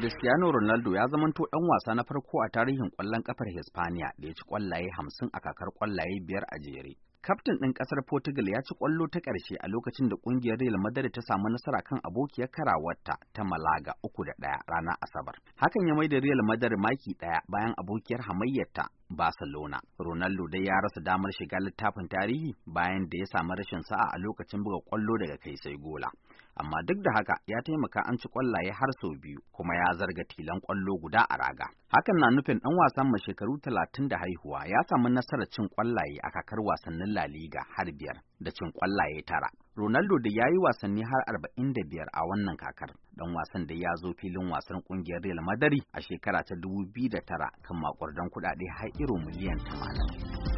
Cristiano Ronaldo ya zamanto ɗan wasa na farko a tarihin ƙwallon ƙafar Hispania da ya ci ƙwallaye hamsin a kakar ƙwallaye biyar a jere. Kaftin ɗin ƙasar Portugal ya ci ƙwallo ta ƙarshe a lokacin da ƙungiyar Real Madrid ta samu nasara kan abokiyar karawarta ta Malaga uku da ɗaya ranar Asabar. Hakan ya maida Real Madrid maki ɗaya bayan abokiyar hamayyarta Barcelona. Ronaldo dai ya rasa damar shiga littafin tarihi bayan da ya samu rashin sa'a a lokacin buga ƙwallo daga kai sai gola. amma duk da haka ya taimaka an ci kwallaye har sau biyu kuma ya zarga tilan kwallo guda a raga. Hakan na nufin ɗan wasan mai shekaru talatin da haihuwa ya samu nasarar cin kwallaye a kakar wasannin La Liga har biyar da cin kwallaye tara. Ronaldo da ya yi wasanni har arba'in da biyar a wannan kakar. 'dan wasan da ya zo filin wasan ƙungiyar Real Madari a shekara ta dubu biyu da tara kan maƙwardan kuɗaɗe har iro miliyan tamanin.